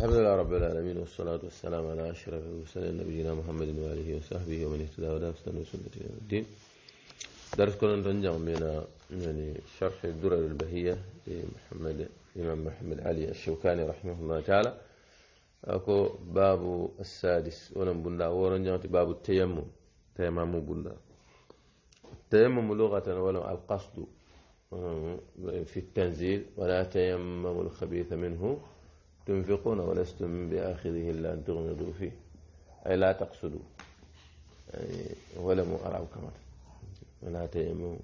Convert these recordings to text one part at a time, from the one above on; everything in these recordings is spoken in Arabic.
الحمد لله رب العالمين والصلاة والسلام على أشرف المرسلين نبينا محمد وآله وصحبه ومن اهتدى ولا استنى سنته يوم الدين درس كنا نرجع من يعني شرح الدرر البهية لمحمد الإمام محمد علي الشوكاني رحمه الله تعالى أكو باب السادس ولم بنا ورنجع باب التيمم تيمم بنا التيمم لغة ولو القصد آه، في التنزيل ولا تيمم الخبيث منه تنفقون ولستم بآخذه إلا أن تغمضوا فيه أي لا تقصدوا يعني ولم أرعوا كما ولا تيمموا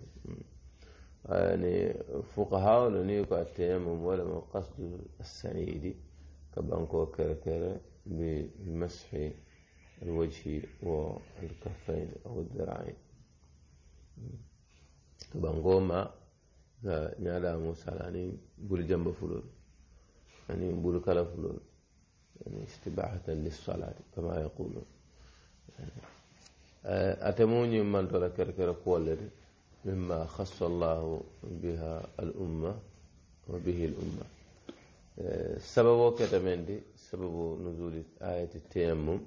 يعني فقهاء لنيك التيمم ولم قصد السعيد كبانكو كركر بمسح الوجه والكفين أو الذراعين كبانكو ما نالا موسى لاني بول جنب فلول يعني كلا كلف يعني استباحة للصلاة كما يقولون يعني، آه، أتموني من كركر كركولر مما خص الله بها الأمة وبه الأمة آه، سبب دي سبب نزول آية التيمم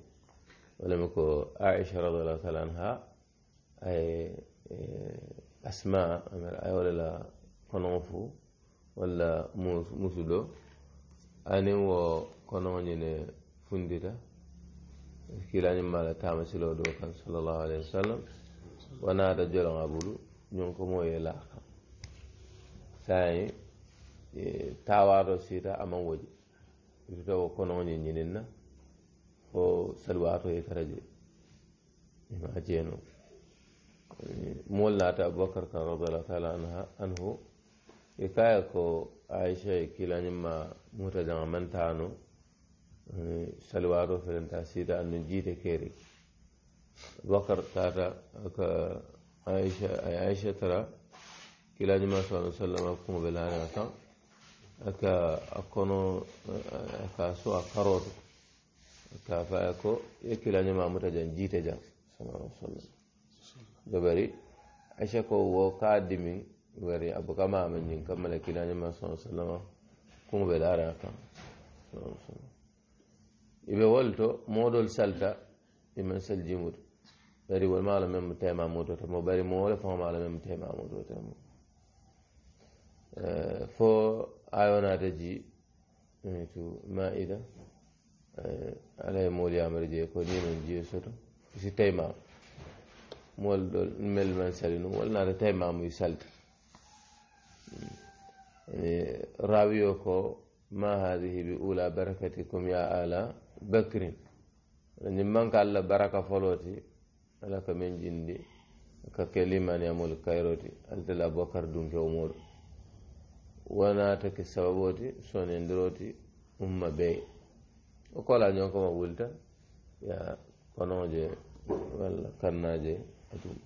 ولم يكن عائشة رضي الله تعالى عنها أي آه، أسماء أي ولا قنوفو ولا موسلو anin wo kono ñine fundita kilañum mala tama silo do kan sallallahu alayhi wasallam wana da jolonga bulu ñun ko moye la kam sayi e, tawaɗo siita aman woji irtowo konoñe o salwa to e karaje ma jeno e, mol naata abubakar kan radiallahu taala anhu ikaya ko aisha ma muta jama mantano salwaro felenta sita annu jiite kere bakar tata aka aisha a aisha tara kilanima sallallahu sallama kuma belana kan aka akono aka so a karoto ta faya ko ya kilanima muta jan jiite jan sallallahu sallam jobari aisha ko wo ka غري أبو كما من جن كم لك إلى جماعة صلى الله عليه وسلم كم بدارا كم إذا ولتو مودل سلطة إمام سلجيمود بري ولما على من متهم مودو تمو بري مول فهم على من متهم مودو تمو فو أيونا تجي تو ما إذا على مول يا مرجي كوني من جيسو في تيمام مول دول مل من سلينو مول نار تيمام يسلطة يعني راويوكو ما هذه بأولى بركتكم يا آل بكر يعني من قال بركة فلوتي لك من جندي ككلمة يمول كيروتي أنت أبو بكر دون كومور وانا تك سببوتي سون اندروتي أم بي وقال أن يوم كما قلت يا قنوجي ولا كرناجي أتوب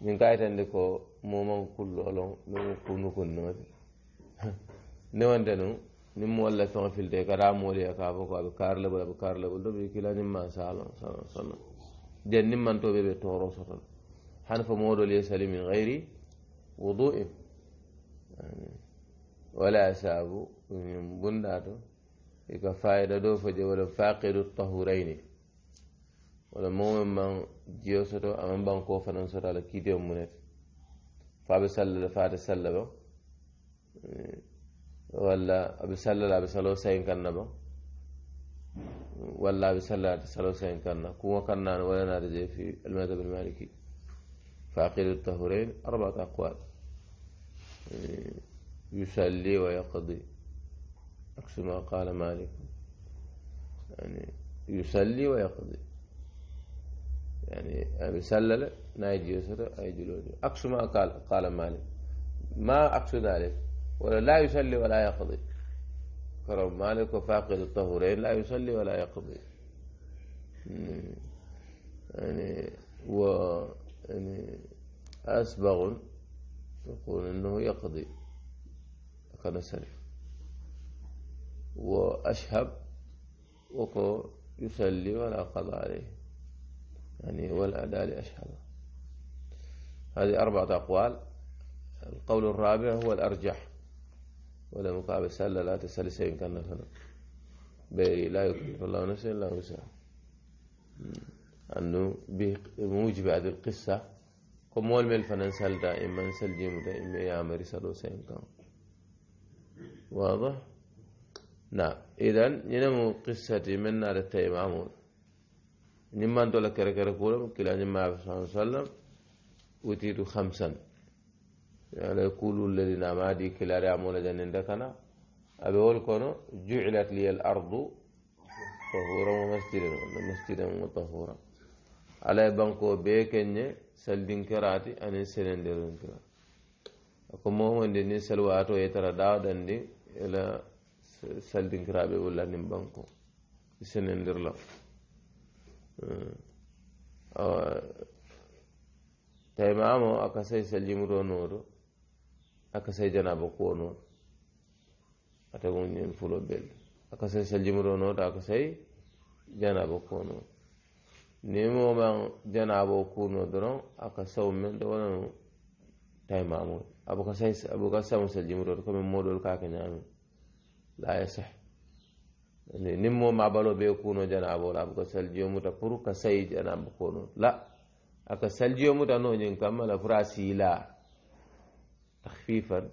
min kayitande ko moman kullolon min kunu kunnoode newonde noon nin mo walla feŋo filte kata mooliya ka fo ko aɓe karlebol aɓe karlebol ɗo ɓe kila nin ma salon salon salon jen nin mantoɓe ɓe toro soton han fo moɗol ye sali min gayri wudu'in wala saabu min bunɗa to ika fayida ɗo fo je wala faqidu tahurayni wala moo meŋ maŋ jio soto a meŋ baŋ koo fanaŋ soto a la kiiteŋo mu ne ti fo a be salla la fo ate salla baŋ walla a be salla la a be saloo sayin kaŋ na baŋ walla a be salla ate saloo sayin kaŋ na kuŋo kaŋ naani wala naata je fi almadhab almaliki fa aqidu tahurain arbaat aqwal yusalli wa yaqdi aksu ma qala malik yani yusalli wa yaqdi يعني أبي سلل نايجي يسر أي جلودي أقص ما قال قال مالك ما أقص ذلك ولا لا يسلي ولا يقضي كرم مالك وفاقد الطهورين لا يسلي ولا يقضي يعني و يعني أسبغ يقول أنه يقضي كان سلف وأشهب وكو يسلي ولا قضى عليه يعني والأداء لأشهد هذه أربعة أقوال القول الرابع هو الأرجح ولا مقابل سلة لا تسأل سيء كان لا يكلف الله نفسا إلا وسعها أنه بموجب هذه القصة كم مول مل فننسل دائما نسل جيم دائما يا عمري سلو سين كان واضح نعم إذا ينمو قصة من نار التيمامون نمان دولا كره كره كولا كلا نما صلى الله عليه وسلم وتيتو خمسا يعني يقولوا الذين ما دي كلا رامولا جن عندكنا أبي أقول كونه جعلت لي الأرض طهورا ومسجدا مسجدا وطهورا على بانكو بيكني سلدين كراتي أنا سلندرين كرا أكو مهم إن دني سلوا أتو يترى داو دندي إلى سلدين كرا بيقول لني بانكو سلندر لا Eh, eh, taymamo aka sey sallimuro nooɗo aka sai janaba kuwo noon ata gumñin fulo belle aka sey sallimuro nooɗo aka sai janaba kuwo noon nimoman janabo kuno doron aka saw men ɗo wonan taymamo abuka sey abuka samu sallimurooɗo komin moɗol kake ñaami la yasah نمو ما mabalo بيكونو kuno jana abola abuka saljiyo muta pour ka sayi jana kono la aka saljiyo muta no ñin تخفيفا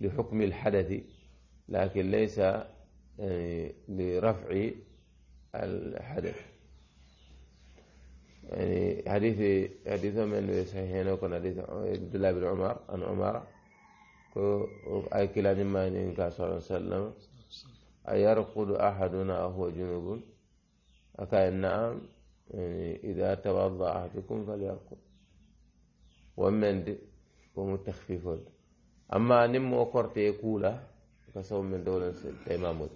لحكم الحدث لكن ليس يعني لرفع الحدث يعني حديث حديث من صحيحين وكان حديث عبد الله بن عمر عن عمر أي كلا مما إن صلى الله عليه وسلم أيرقد أحدنا وهو جنوب أكاين نعم يعني إذا توضأ أحدكم فليرقد ومن دي أما نمو كورتي يقول كسو من دولة الإمام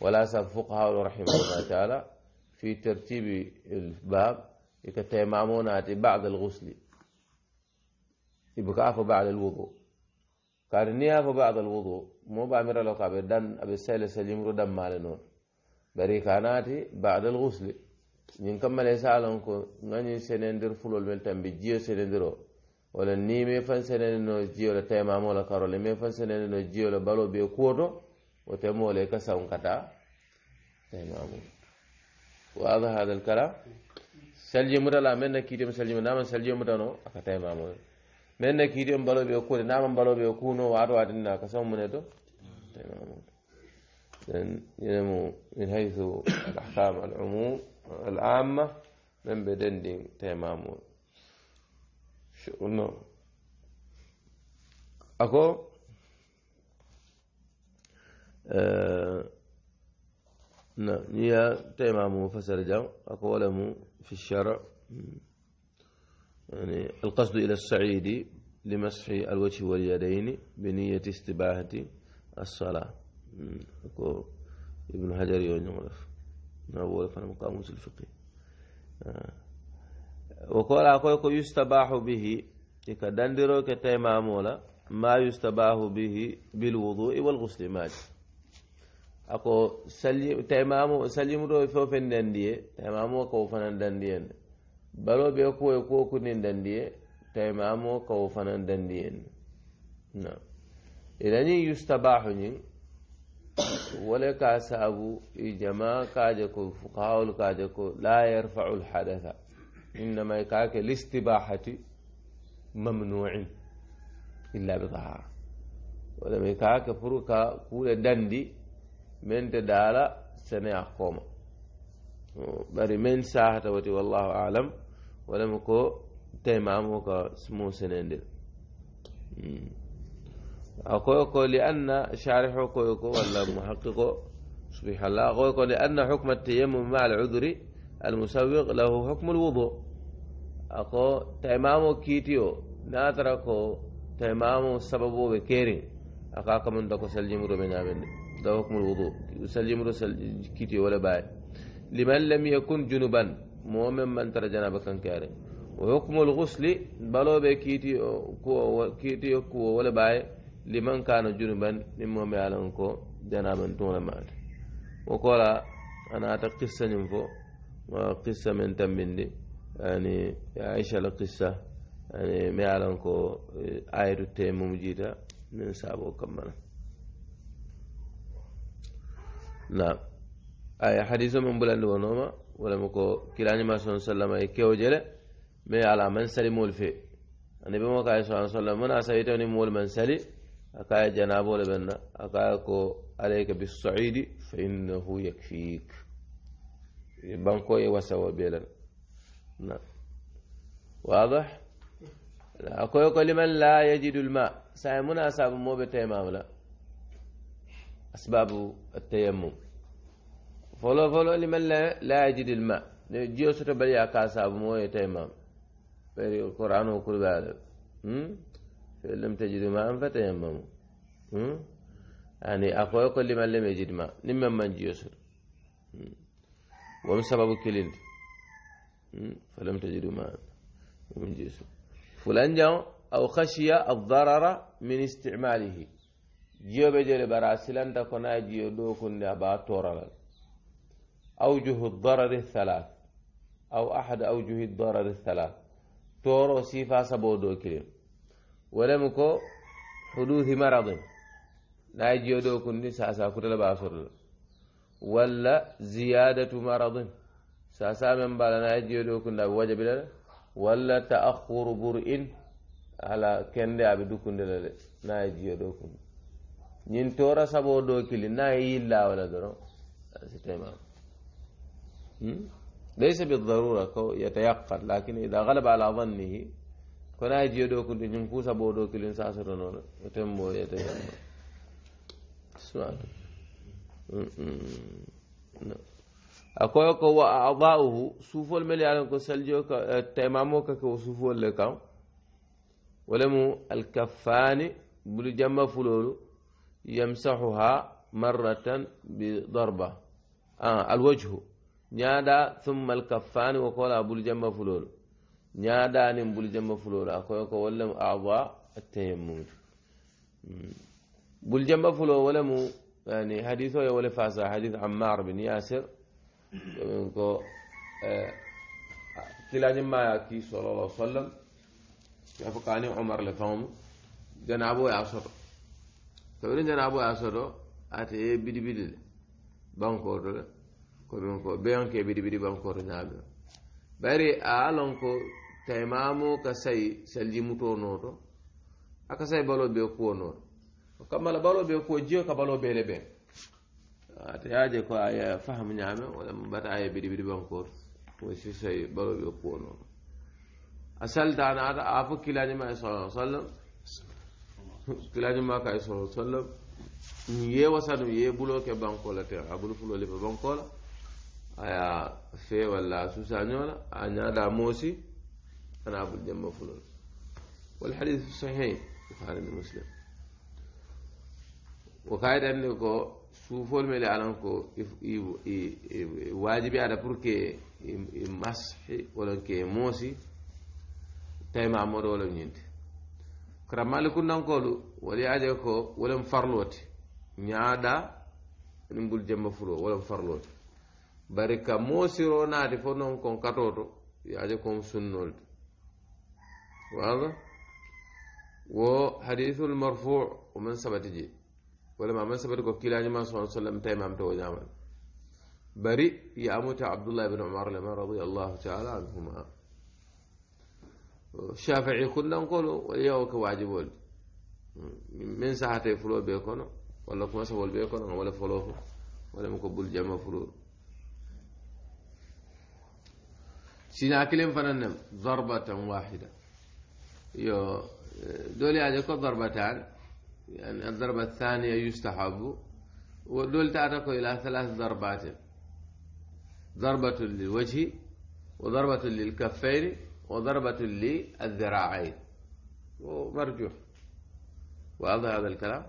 ولا فقهاء رحمه الله تعالى في ترتيب الباب يكتيمامون بعد الغسل يبقى بعد الوضوء kaari niŋ ye a fo be agal wudu moo be a mira lo ko a be dan a be sele salimiro danmaale noon bari ka naati badal usli ñiŋ kammale sa loŋ ko ŋa ñiŋ senendiri fulolu meŋ tambi jiyo senendiro walla niŋ me faŋ senendi no jiyo la taymamo la karo la me faŋ senendi no jiyo la baloo bee kuwo to wo te moo le ka saŋ kata taymamo waga hadal kala saljimuta la a meŋ na kiitimo saljimu naa maŋ saljimuta no a ka taymamo le men ne kiidi en mbaloɓe o kuude nama mbaloɓe o kuuno wato watinna ko sammune to ينمو من حيث الأحكام العموم العامة من بدن دين تمامو شؤون أكو نعم يا تمامو فسر جو أقولمو في الشرع يعني القصد إلى السعيد لمسح الوجه واليدين بنية استباحة الصلاة ابن حجر يونغرف هو فانا مقام الفقه آه. وقال أقول يستباح به كدندرو كتيمامولا ما يستباح به بالوضوء والغسل ماجي ako سليم taymamu سليم fewfen dandiye taymamu ko fanan دندية balo be ko e ko kunin dandiye tayma amo kawo fanan dandiyen na idani yustabahu ñin wala ka saabu i jama kaje ko fukahol kaje ko la yarfau lhadatha innama kake listibahati mamnuin illa bi tahara wala mi kake pour ka kuule dandi men te daala sene a kooma bari men sahata wati wallahu alam ولم يكن تيمامو كسمو سنندل أقولكو لأن شارح كويكو ولا محقق سبحان الله أقولكو لأن حكم التيمم مع العذر المسوق له حكم الوضوء أقول تيمامو كيتيو ناتركو تيمامو سببو بكيرين أقاك من دكو سلجم سلجمرو بنامن ده حكم الوضوء سلجمرو سل كيتيو ولا باي لمن لم يكن جنوبا مومن من ترى جنابة كان كاري وحكم الغسل بلو بي كيتي كو كيتي كو ولا باي لمن كان جنبا لمهم يعلم كو جنابا دون مات وقال أنا أتقصة نفو وقصة من تنبندي يعني عائشة القصة يعني ما يعلم كو آية من سابو كمنا نعم أي حديث من بلند ونوما ولم يكو كلاني صلى الله عليه وسلم يكيو جل ما على من سلم الفي النبي ما كاي صلى الله عليه وسلم من أسيتني مول من سلي أكاي جنابه لبنا أكاي كو عليك بالصعيد فإنه يكفيك بانكو يوسو بيلن نعم واضح أكو لمن لا يجد الماء سايمنا أصاب مو بتيمام لا أسباب التيمم فلو فلو لي من لا لا يجد الماء جيو ستو بليا كاسا بموي تيمم بري القران وكل بعد هم لم تجد ماء فتيمم هم يعني اخو يقول لي من لم يجد ماء نم من جيو ستو ومن سبب كلين فلم تجد ماء من جيو ستو فلان جاو او خشي الضرر من استعماله جيو بجري براسلان تكون جيو دو كن ابا تورالال أوجه الضرر الثلاث أو أحد أوجه الضرر الثلاث تورو سيفا سبودو كريم ولمكو حدوث مرض لا يجيو دو كندي ساسا كتل باسر ولا زيادة مرض ساسا من بالا لا يجيو دو كندا وجب لنا ولا تأخر برئ على كندي عبدو كندي لا يجيو دو كندي نين تورا سبودو كلي نايجي الله ولا درو سيتمام ليس بالضرورة يتيقن لكن إذا غلب على ظنه كنا يجي دوك كنت ينفوس أبو دو كل إنسان سرنا يتمو يتيقن سمعت أكو يكو وأعضاؤه سوفو الملي على كو سلجو تيمامو كو سوفو لكم ولمو الكفان بلو جمع فلولو يمسحها مرة بضربة آه الوجه ñaada summa alkaffani wo kola buljamba fulolu ñaadanin buljamba fulolu akoyo ko wallemu awa atayammumu buljamba fulo wolemu يعني حديثه ولا فاسا حديث عمار بن ياسر ko tilañi maya ki sallallah sallam yafo kani omar le fawmu janabo ya soto kawiri janabo ya soto ate ye bidi bidi le bankoto le komin ko beyon ke bidi bidi ban koro ñaami bari a alon ko taymamo ka sayi selji muto noto aka sayi balo be kuwo noto o kammala balo be kuwo jiyo ka balo bele ɓen ata yaje ko aya faham ñaame walla bata aya bidi bidi ban koro o si sayi balo be kuwo noto a saltana ata a fo kilañima e sala sallam kilañima ka e sala sallam ye wasanu ye bulo ke bankola te a bulu fulo liɓe bankola aya fe walla a susa ñoola a ñaada moosi ana bul jemma fulol والحديث صحيح البخاري ومسلم وقاعد أنكو سوفول ملي أنكو واجبي على بركي مسح ولا كي موسي تيما أمر ولا نينت كرمال كنا نقولوا ولي أجاكو ولا مفرلوت نيادا نقول جنب فلو ولا مفرلوت barika ka moo siroo naati fo noon kon katoo yaaje kon sunnol to wo hadithul marfu o man sabati je ma man sabati ko kilañuma sa sallam taymam to o ñamal bari yamuta abdoullah ibne omar lema radiallahu taala anhuma shafii kundankolu wala yewo ko waajibolde min sahate fulo be kono walla kuma sabol be kono wala folo fo walla mi ko bul jama fulor سينا كلم ضربة واحدة يو دول يعني ضربتان يعني الضربة الثانية يستحب ودول تعتقوا إلى ثلاث ضربات ضربة للوجه وضربة للكفين وضربة للذراعين ومرجوح واضح هذا الكلام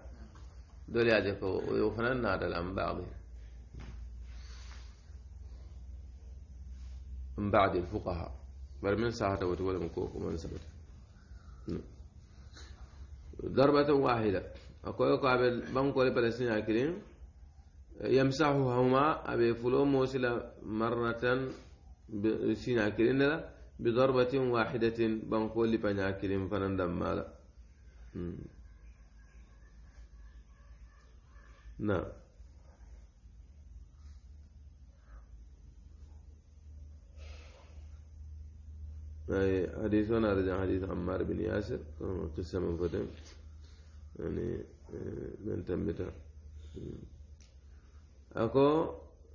دول يعجبوا يعني ويوفنن هذا الأنباء بعضهم من بعد الفقهاء بل من ساهت وتولى مكوك ومن سبت ضربة واحدة أقول قابل بنقول لفلسطين الكريم يمسحهما أبي فلو موسل مرة سين الكريم بضربة واحدة بنقول لفن الكريم فنندم مالا نعم أي طيب، حديث أنا رجع حديث عمار بن ياسر قصة من فدم يعني من آه، تمتا أكو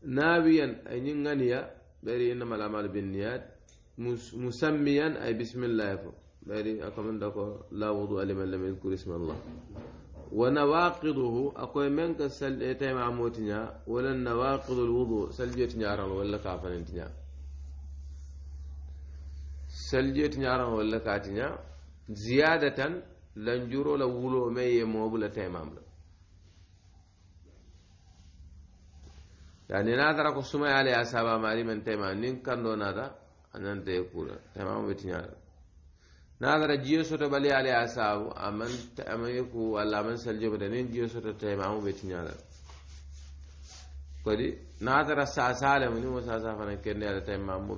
نابيا أي نغنيا بري إنما الأعمال بالنيات مسميا أي بسم الله فو بري أكو من دكو لا وضوء لمن لم يذكر اسم الله ونواقضه أكو من كسل إتيم عموتنا ولا نواقض الوضوء سلجتنا ولا كافرين تنيا سلجيت نيارا ولا كاتنيا زيادة لنجرو لولو مي موبلة تيمام له يعني نادر قسمة على أسابا مالي من تيمام نين كان دو نادا أنان تيكولا تيمام بتنيارا نادر جيو سوتو بلي على أساب أمن أمن يكو ولا أمن سلجو بدنين جيو سوتو تيمام بتنيارا كذي نادر ساسالة مني مساسا فنكرني على تيمام مو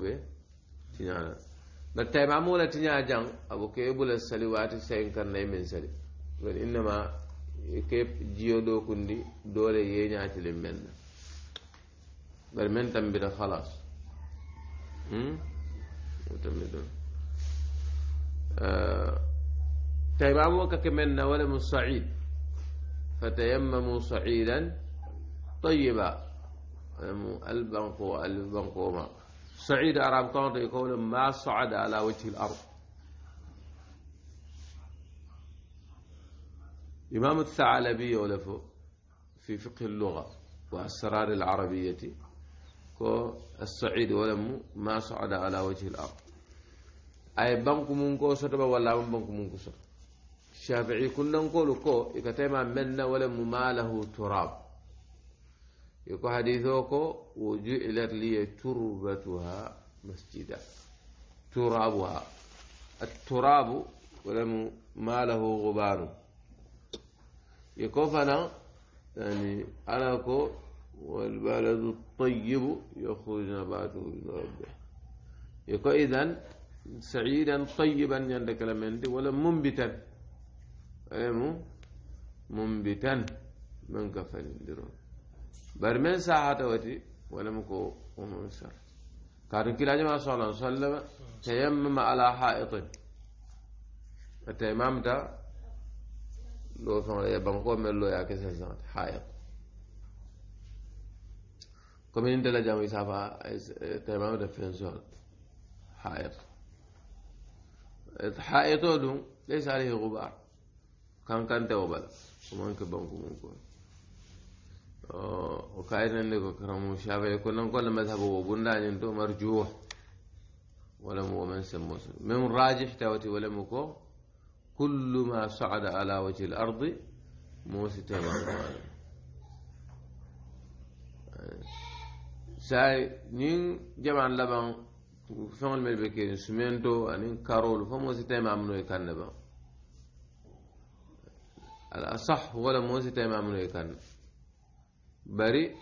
na tayma mo la tiña jang abo ke bula sali waati sayin kan nayi min sali gadi innama ke jiyo do kundi dole ye ña tilin men na gadi men tambita halas tambidon hmm? tayma mo ka ke men na wala mu sa'id fatayammamu sa'idan tayyiba mu albanko albankoma سعيد أراب كونت يقول ما صعد على وجه الأرض إمام الثعلبي يولف في فقه اللغة وأسرار العربية كو السعيد ولم ما صعد على وجه الأرض أي بنك منكو سرب ولا بنك منكو سرب الشافعي كنا نقول كو إكتما من ولم ما له تراب يقول حديثوكو وجعلت لي تربتها مسجدا ترابها التراب ولم ما له غبار يقول فنا يعني أناكو والبلد الطيب يخرج نباته الى ربه يقول إذا سعيدا طيبا عندك لمن ولا منبتا منبتا من كفن درون برمن ساعات وتي ولم يكو أمم سر كان كلا جماعة صلى الله عليه وسلم تيمم على حائط التيمم دا لو فان لي بانكو من لو ياكس الزمان حائط كم انت لا جامي سافا تيمم دا فين زول حائط حائط دون ليس عليه غبار كان كان تيوبل ومانك بانكو منكو وكائنا لك كرم الشافعي يكون كل مذهب وقلنا أن أنتم مرجوح ولم هو من سموه من راجح تاوتي ولم يكو كل ما صعد على وجه الأرض موسى تمام ساي نين جمع لبن فعل ملبكين سمينتو أنين كارول فموسى تمام منو يكن لبن الأصح ولا موسى تمام منو يكن bari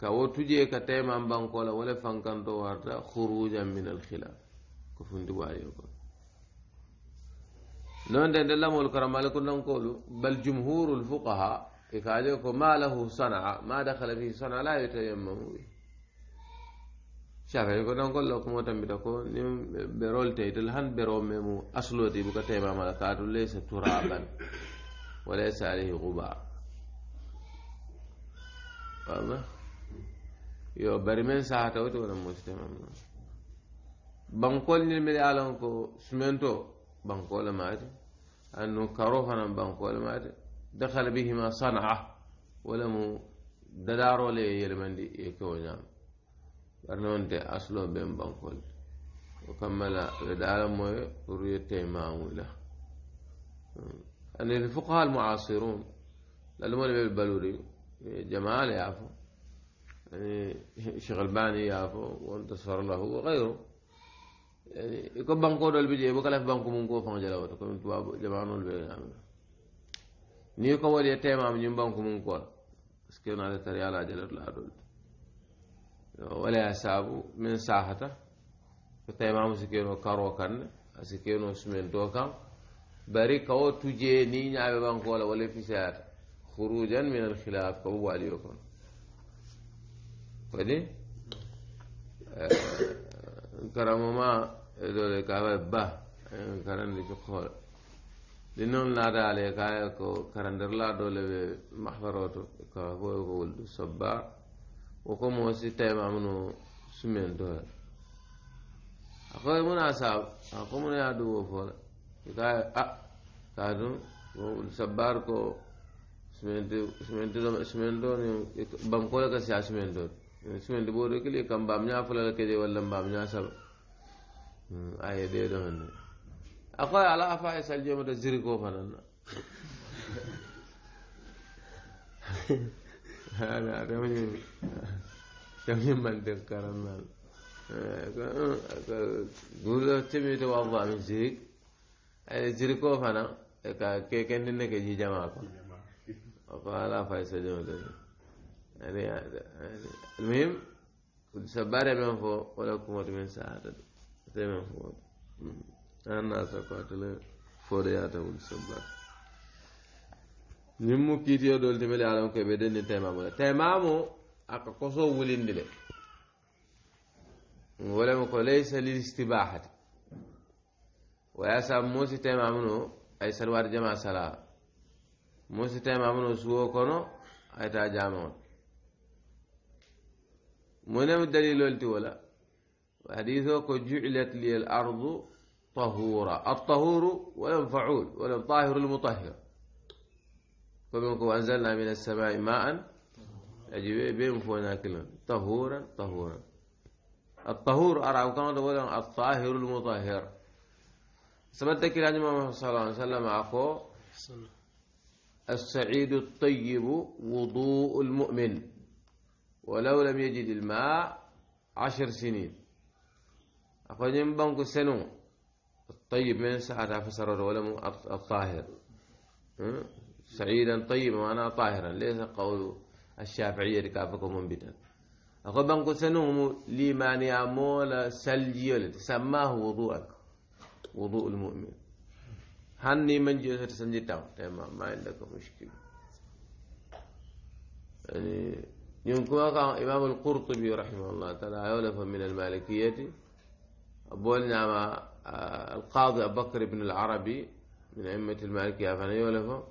ka wotu je ka tema banko la wala fankanto warta khurujan min al alkhilaf ko fundi wayo ko non de dalam lamol karamale ko nan kolu bal jumhurul fuqaha e ka je ko ma lahu sana ma dakhala fi sana la yatayammamu bi shafa ko nan kollo ko motambita ko ni be rolte tel han be romme mu asloti bu ka taymamala kaatu laysa turaban wa laysa alayhi gubaa والله يا برمن ساعته وتقول مجتمع منه بنقول نلمي عليهم كو سمنتو بنقول ما أدري أنه كروه أنا بنقول ما أدري دخل بهما صنعة ولم دداروا لي يلمني يكون يام برنون تي أصله بين بنقول وكمل لدعالم موي قرية تيمان ولا أن الفقهاء المعاصرون للمولي بالبلوري جمال يعفو يعني وانت يعفو وانتصر له وغيره يعني يكون بانكو دول بيجي بو كلاف بانكو مونكو فان جلاو تو كوم تو جمانو بي نعمل ني كو ولي تيما بانكو مونكو اسكي نال تري على جلر لا دول ولا يساب من ساحته تيما مسكينو كارو كان اسكينو سمنتو كان bari kawo tuje ni ñaaɓe banko la walla fisaata خروجا من الخلاف فهو علي يكون ودي آه، كرم ما دول كابا با كرن لي شخور لنون لا دالي كاي كو كرن در لا دول محضروتو كابو يقول سبا وكم وسي تيما منو سمين دول أخوي مناسب أخوي من يادو وفور كاي أ آه، كادو سبار كو simento ni bankola ka siya simento simento boro kili kam bam nya fula la keje wala bam nya saba aye de do ne akoy ala afa e sal jomata ziri ko fanan ana adamani tamni man de karanal gulo timi to wadda min zirik ay ziri ko fanan ka ke kendine ke ji jama ko وقال فيسجدون يعني يعني المهم سبارة من فوق ولا كمود من سعادة زي من فوق أنا سقطت فوريات والسبارة نمو كيتيو دول تبلي على مكي بدن تمامو تمامو أكا كوسو ولين دلي ولم يقل ليس للاستباحة ويا سام موسى تمامو أي سلوار جماعة سلام mo sitema mono suwo kono ayta jamawol monem dalilol ti wala hadis o ko juilat طهورا الطهور والمفعول فعول المطهر فمن أنزلنا من السماء ماء أجيب بين فونا كلام طهورا طهورا الطهور أرعب كما تقول الطاهر المطهر سبت كلا جمع صلى الله عليه وسلم أخو السعيد الطيب وضوء المؤمن ولو لم يجد الماء عشر سنين أقول من بنك سنو الطيب من ساعة فسر الولم الطاهر سعيدا طيبا وأنا طاهرا ليس قول الشافعية لكافكم منبتا أخرج بنك سنو لمن يعمل سلجي سماه وضوءك وضوء المؤمن هاني من جوزة تاو تمام ما عندك مشكلة يعني يمكن أقع إمام القرطبي رحمه الله تعالى يولف من المالكية أبوال نعم القاضي أبو بكر بن العربي من أئمة المالكية فأنا يولف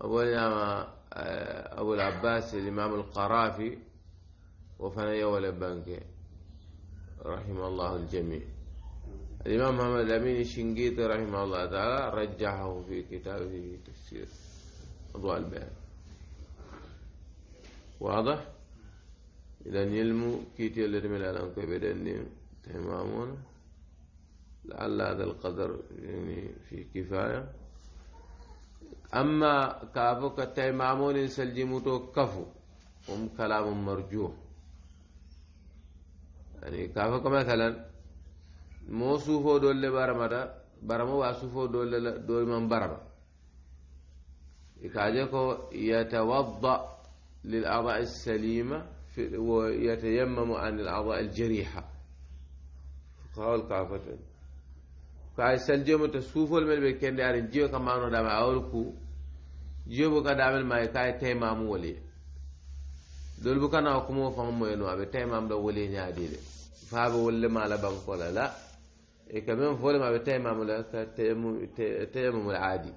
أبوال نعم أبو العباس الإمام القرافي وفنا يولف بنك رحمه الله الجميع الإمام محمد الأمين الشنقيطي رحمه الله تعالى رجحه في كتابه في تفسير أضواء البيان واضح إذا يلمو كيتي اللي رمي الألم كبيرين تمامون لعل هذا القدر يعني في كفاية أما كافو كتيمامون سلجموتو كفو هم كلام مرجوح يعني كافو مثلا mo suufo dolle baramata barama wa suufo dolle dol man barama ikaje ko yatawadda lil a'dha'i salima wa yatayammamu an al a'dha'i al jariha qawal kafatan ka sal jomo to suufol mel be kende ar jiyo ka mano dama awol ku jiyo bu ka damel may kay taymamu wali dol bu kana ko mo fam moyno abe taymam da wali nyaade de faaba wolle mala bankola la e quand même fole maɓe tayimamula sa tayamumul aadi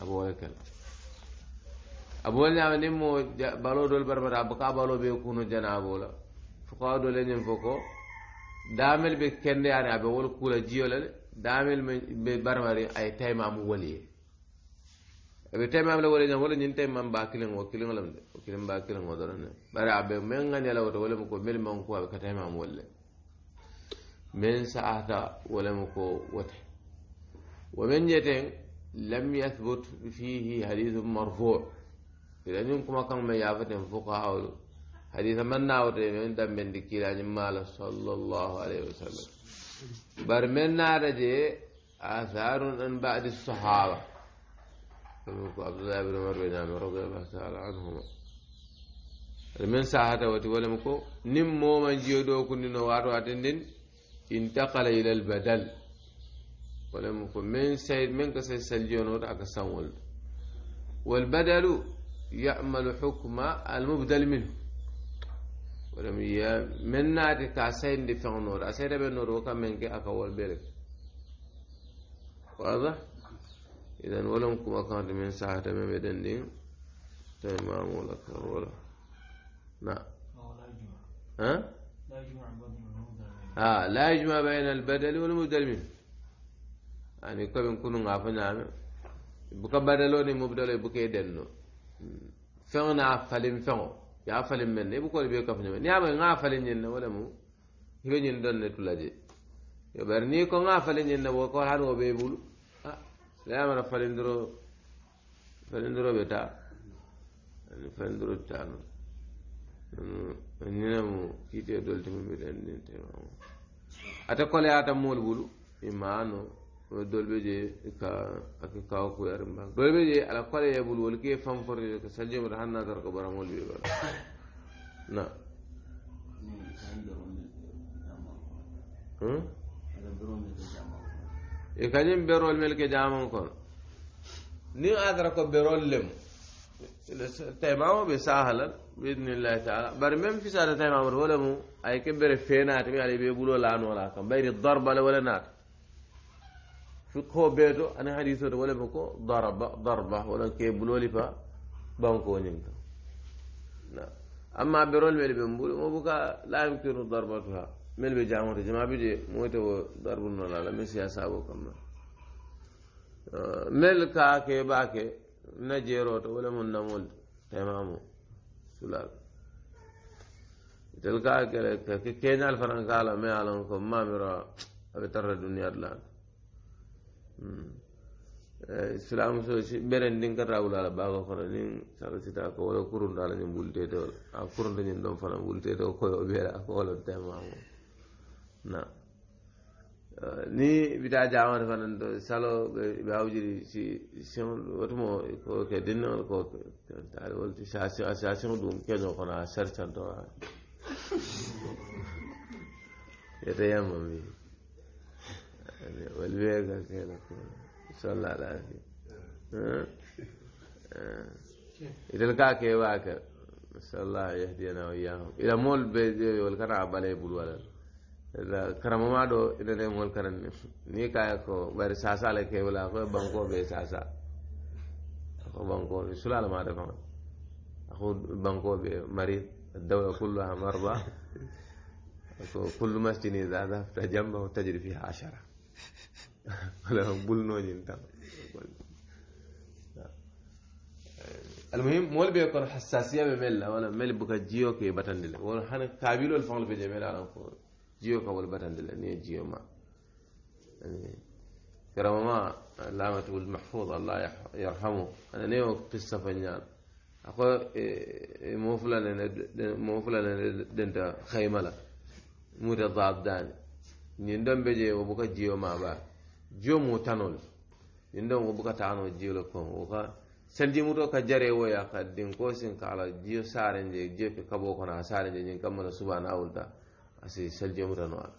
abo walakal abo walñama nimmo balodol barmata abo ka balo ɓe kuno janabola fokawa dole ñin fo ko damel ɓe kendeyani aɓe wol kula jiyola de damel ɓe barmari ay tayimamu woliye ɓe tayimam la wolañam wala ñin tayimam ba kilio kilolam de kilim ba kilio dorane bare aɓe men ganñalawoto wolemo ko mel mankuaɓe ka tayimamu wolle من ساعة ولمكو وته ومن جتن لم يثبت فيه حديث مرفوع إذا يمكن كان ما يافتن فقهاء حديث من ناوت من دم من ذكر عن مال صلى الله عليه وسلم بر من نارجي آثار عن بعد الصحابة عبد الله بن عمر بن عامر رضي الله تعالى عنهما من ساعة وتولمكو نمو من جيودو كنن وارو أتندن انتقل إلى البدل ولم يكن من سيد من كسيد سلجون ورأك سول والبدل يعمل حكم المبدل منه ولم ي من نادي كاسين لفنور فنور أسيد بنور وكم من كي أكوال بيرك واضح إذا ولم كما كان من ساعة من بدن دين تمام ولا كرولا نعم ها؟ لا يجمع بدن آه لا يجمع بين البدل والمبدل منه يعني كم كنو غافو نعم بك بدلو ني مبدل بك يدنو فغنا فلم فغو يا فلم من ني بكو بي كفني نعم غا فلم ني ولا مو يبي ني دون نتلاجي يبرني كو غا فلم ني وكو حالو بي بولو لا مر فلم درو فلم درو بتا يعني فلم درو تانو نعم يعني كيتي دولتي مبدل ني تيرو ate koleyata moolu bulu imaano dolu be je ka ake kawo kuyarin ba dolu be je ala koleye bulu wolu ke fan forte ka saljomata han natara ko bara moolu be bara na e kañum berol mel ke jaman kono nin adara ko berol lemu تيمامو بسهلا باذن الله تعالى بر من في ساده تيمام ولا مو اي كبر فينات بي علي بيقولوا لا نولا كم بير الضرب ولا نات فقه بيتو انا حديثه ولا بكو ضرب ضربه ولا كيبلوا لي فا بانكو نينك نعم اما برول مل بنقول مو بكا لا يمكن ضربتها مل بجامعه جماعه بيجي موته ضرب ولا لا من سياسه كم آه، مل كاكي باكي na jeeroto wala mun namolde temamo sulal tel ka kele ke keñal fanan kala me alon ko mamira aɓe tarta duniyat lan silamu so ɓeren ndin kata wulala baako kono nin saka sita ko wala kurunta ala ñin wultete wala a kurunta ñin ɗon fana wultete ko koyo ɓeeɗa ko wolon temamo na ni bita jamata fanan to salo ɓe hawjiri si wotumo ko ke dinnol ko wolti association ɗum keño kono a sertanto a yete yamma mi wali weega kena sollaɗa fi itel ka ke waake sallah yahdiyana wa iyahum ila mool ɓe wol kana a ɓalay bulwalal karamama ɗo inane mol karanni ni kaya ko bari sasa le kewla ko banko be sasa ko banko be sulala ma dafa ko banko be mari الدولة كلها مرضى كل مسجد إذا ذهبت جنبه تجري فيها عشرة ولا بول نوجين المهم مول بيكون حساسية بملا ولا مل بكجيو كي بتندل ولا حنا كابيلو الفعل في جميل على فور jiyo ka wol batande la niŋ jiyo ma kiramama lamatu lmahfud allah yarhamu ana ne yo kissa fa ñaan ako moo fulanene moo fulanene denta hayma la muta zabdani ñin ɗon be je wo buka jiyo ma ba jiyo mu tanol ñin ɗon wo buka taano jiyo le kon wo ka sendimuto ka jare woya ka din ko sin ka ala jiyo sarenje jiyo ke kabo kono a sarenje ñin kammala subana wulta asi salje mutano ala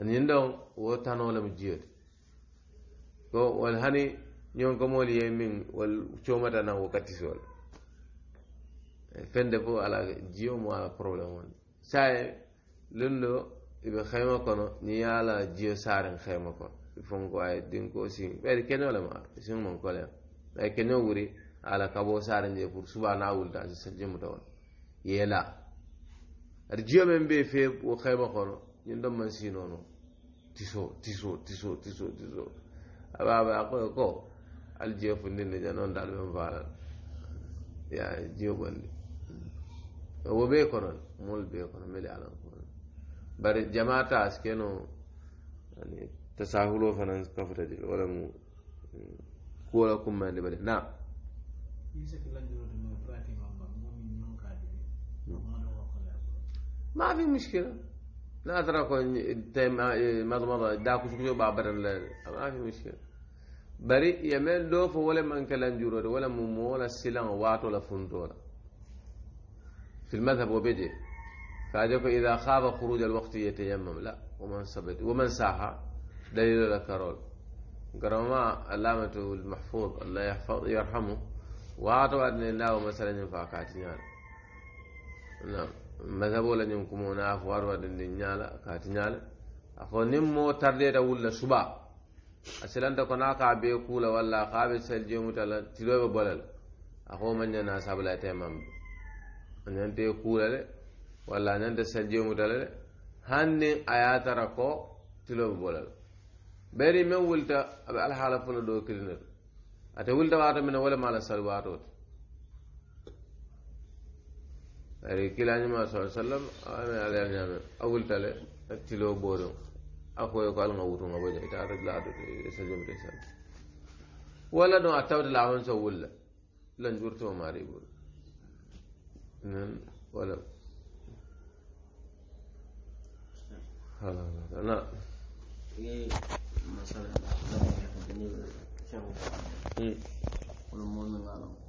anin ɗon wo tanolam jiyote ko wal hani ñonkomol ye min wal comatana wakkati sol fende fo ala jiyo mo ala probléme on saye lun ɗo iɓe xeyma kono ñi ye ala jiyo saren xeyma kono fonko ay dinko sin ɓeyde kenolema sin mon kolem ay keno wuri ala kabo saren je pour suba na wulta si salje mutawol yeela ada jiyo men be fe wo kayma kono ñin ɗon man sinono tiso tiso tiso tiso tiso aɓaɓa akoye ko aljiyo fundinde ja noon dal men falan ya jiyo gonɗi wo ɓe konon mol ɓe kono mbeɗe alan kono bare jamata askeno ani tasahulo fanan kafutadi wala mu kuwola kummande ɓaɗe na ما في مشكلة لا أدركوا مضمضة داكو شو بابر ما في مشكلة بري yemel do ولا من mankalan jurode ولا مومو ولا silan وات ولا funtola في المذهب وبدي فأجاك إذا خاب خروج الوقت يتيمم لا ومن ثبت ومن ساحة دليل الكرول كرما علامة المحفوظ الله يحفظ يرحمه وأعطوا أدنى الله مثلا ينفع كاتنيان نعم madhabo la ñin kumo na fo arwa den din ñala kaati ñala afo nin mo tardeta wulla suba a silanta ko na ka be kula walla ka be sel jemuta la tiloɓe bolel ako man ñana sabla temam a ñante kula le walla a ñante sel jemuta le de hannin a yatara ko tiloɓe bolel ɓeri men wulta aɓe alhaala fula ɗo kilinet ate wulta wata mine wole mala sal watote ari kilañima sa sallam ame ala ñame awultale tilo booro akoye ko alga wutunga boja ita réglaɗote sajomte sal walla ɗon a tawde lawan so wulla lan jurto mari ɓuri nan wala na masala ko momin ngalam